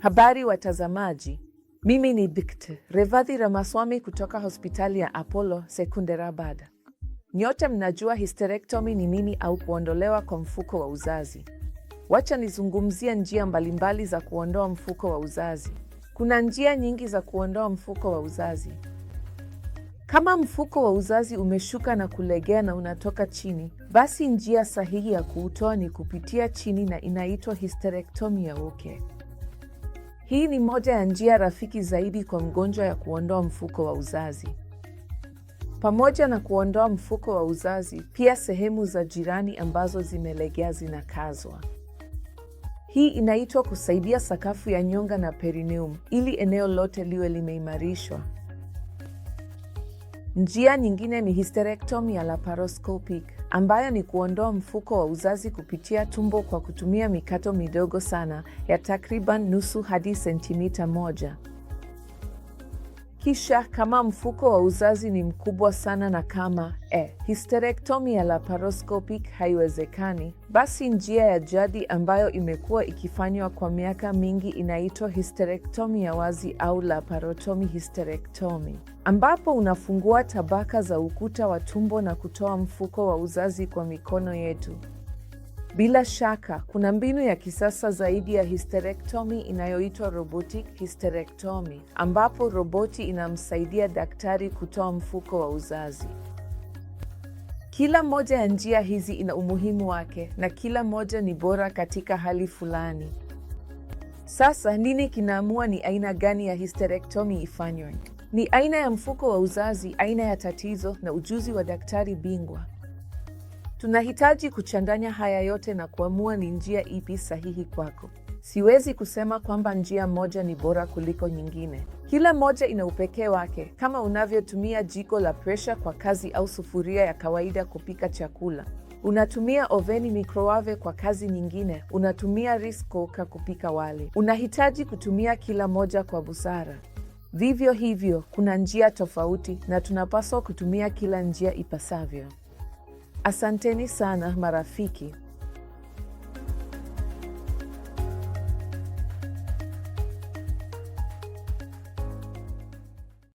Habari watazamaji, mimi ni Bikt Revadhi Ramaswami kutoka hospitali ya Apollo Secunderabad. Nyote mnajua histerektomi ni nini au kuondolewa kwa mfuko wa uzazi. Wacha nizungumzie njia mbalimbali za kuondoa mfuko wa uzazi. Kuna njia nyingi za kuondoa mfuko wa uzazi. Kama mfuko wa uzazi umeshuka na kulegea na unatoka chini, basi njia sahihi ya kuutoa ni kupitia chini na inaitwa histerektomi ya uke. Hii ni moja ya njia rafiki zaidi kwa mgonjwa ya kuondoa mfuko wa uzazi. Pamoja na kuondoa mfuko wa uzazi, pia sehemu za jirani ambazo zimelegea zinakazwa. Hii inaitwa kusaidia sakafu ya nyonga na perineum ili eneo lote liwe limeimarishwa. Njia nyingine ni hysterectomy ya laparoscopic ambayo ni kuondoa mfuko wa uzazi kupitia tumbo kwa kutumia mikato midogo sana ya takriban nusu hadi sentimita moja. Kisha kama mfuko wa uzazi ni mkubwa sana na kama e, eh, histerektomi ya laparoscopic haiwezekani, basi njia ya jadi ambayo imekuwa ikifanywa kwa miaka mingi inaitwa histerektomi ya wazi au laparotomi histerektomi, ambapo unafungua tabaka za ukuta wa tumbo na kutoa mfuko wa uzazi kwa mikono yetu. Bila shaka kuna mbinu ya kisasa zaidi ya hysterektomi inayoitwa robotic hysterektomi, ambapo roboti inamsaidia daktari kutoa mfuko wa uzazi. Kila moja ya njia hizi ina umuhimu wake na kila moja ni bora katika hali fulani. Sasa nini kinaamua ni aina gani ya hysterektomi ifanywe? Ni aina ya mfuko wa uzazi, aina ya tatizo na ujuzi wa daktari bingwa. Tunahitaji kuchanganya haya yote na kuamua ni njia ipi sahihi kwako. Siwezi kusema kwamba njia moja ni bora kuliko nyingine. Kila moja ina upekee wake, kama unavyotumia jiko la presha kwa kazi au sufuria ya kawaida kupika chakula. Unatumia oveni microwave kwa kazi nyingine, unatumia rice cooker kupika wali. Unahitaji kutumia kila moja kwa busara. Vivyo hivyo, kuna njia tofauti na tunapaswa kutumia kila njia ipasavyo. Asanteni sana marafiki.